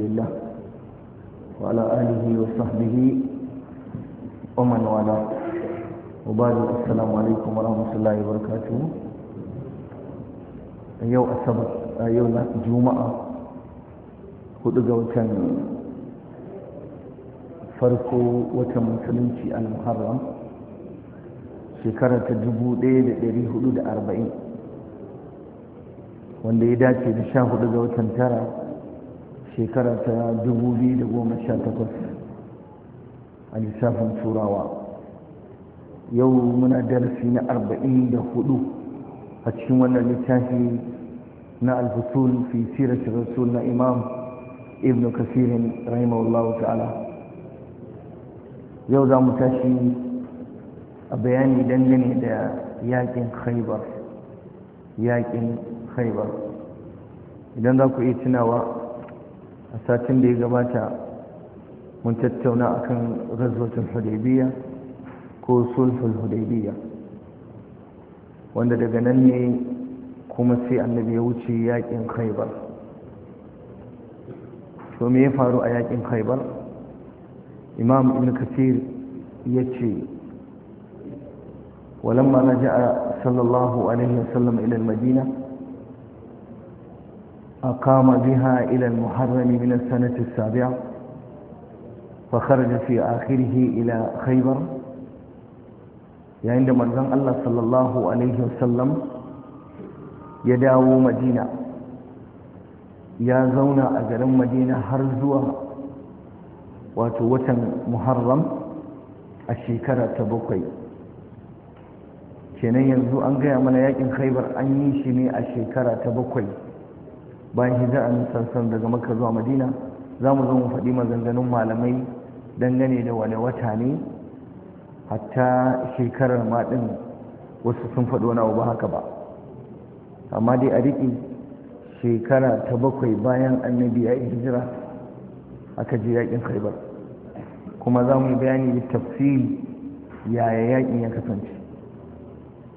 رسول الله وعلى آله وصحبه ومن والاه وبعد السلام عليكم ورحمة الله وبركاته yau asabar a yau juma'a hudu watan farko watan musulunci al-muharram shekara ta 1440 wanda ya dace da sha hudu ga watan tara شكرة دبولي لقوم الشاتكس الإساف سوراوا يومنا درسنا أربعين دخلو هتشمونا لتاهي نا الفصول في سيرة رسولنا إمام ابن كثير رحمه الله تعالى يوزا متاشي أبياني دنجني دا ياكين خيبر ياكين خيبر إذن ذاكو إيتنا وقت a satin da ya gabata mun tattauna akan razwatul Hudaibiya ko sulhul Hudaibiya. wanda daga nan ne kuma sai annabi ya wuce yakin khaibar to me ya faru a yakin khaibar imam ibn kasir ya ce walamma na ja'a sallallahu alaihi wasallam ila al-madina أقام بها إلى المحرم من السنة السابعة فخرج في آخره إلى خيبر يعني عندما زن الله صلى الله عليه وسلم يداو مدينة يا زونا أجل مدينة هرزوا وتوتن محرم الشيكرة تبقي kenan yanzu an gaya mana yakin khaibar an yi shi ne a shekara ta bakwai bayan nuna sansan daga makka zuwa madina za mu zo mu faɗi maganganun malamai dangane da wane wata ne hatta shekarar maɗin wasu sun faɗi wani abu ba haka ba amma dai a riƙe shekara ta bakwai bayan annabi ya hijira aka je yaƙin khaibar kuma za mu yi bayani da tafsiri yaya yaƙin ya kasance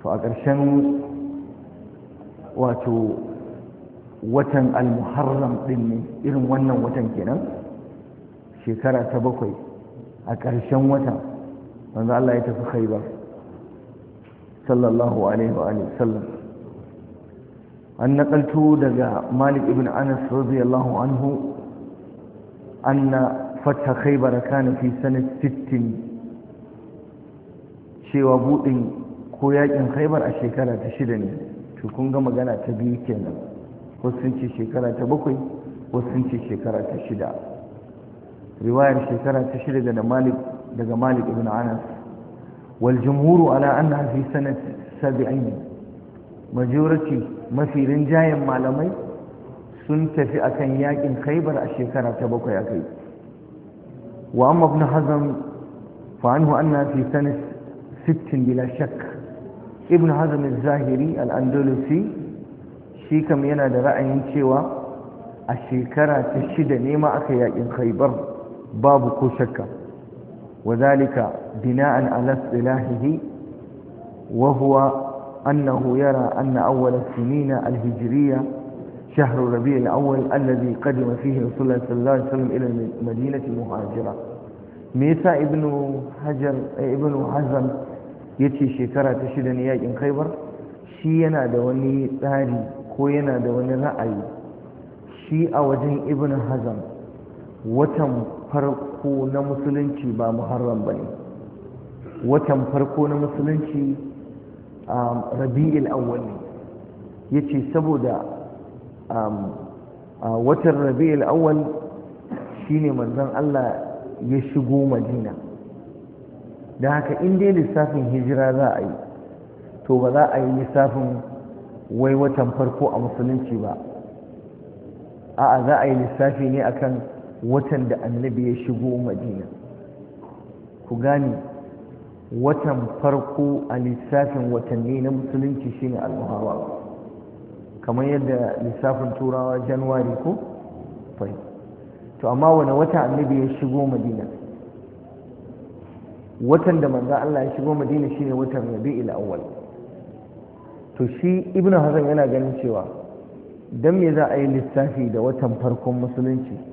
to a ƙarshen wato watan al-muharram din ne irin wannan watan kenan shekara ta bakwai a ƙarshen watan wanda Allah ya tafi haiba. sallallahu alaihi wa alihi sallam an naƙalto daga malik ibn anas radiyallahu anhu An anna fatha khaibar kana fi sanat 60 cewa budin ko yakin haibar a shekara ta shida ne to kun ga magana ta biyu kenan wasu ce shekara ta bakwai wasu ce shekara ta shida riwayar shekara ta shida daga malik daga malik ibn anas wal jumhuru ala anna fi sanat sab'in majority mafi rinjayen malamai sun tafi akan yakin khaybar a shekara ta bakwai akai wa amma ibn hazm fa anhu anna fi sanat 60 bila shakk ibn hazm az-zahiri al-andalusi shi kam yana da ra'ayin cewa a shekara ta shida ne ma aka yakin khaibar babu ko shakka وذلك بناء على اصطلاحه وهو أنه يرى أن أول السنين الهجرية شهر ربيع الأول الذي قدم فيه رسول الله صلى الله عليه وسلم إلى المدينة المهاجرة ميسا ابن حجر ابن حزم يتي شكرة تشدنياج خيبر شينا دوني تاري ko yana da wani ra'ayi shi a wajen ibn hazan watan farko na musulunci ba muharram ba ne watan farko na musulunci um, rabi'il awwal ne ya ce saboda um, watan rabi'il awwal shi manzon Allah ya shigo madina da haka in dai lissafin hijira za a yi to ba za a yi lissafin wai watan farko a musulunci ba a'a za a yi lissafi ne akan watan da annabi ya shigo madina ku gane watan farko a lissafin watanni na musulunci shine al-muharram kamar yadda lissafin turawa januwari ko fai to amma wani wata annabi ya shigo madina watan da manzo Allah ya shigo madina shine watan rabi'ul awwal to shi ibnu hazan yana ganin cewa dan me za a yi lissafi da watan farkon musulunci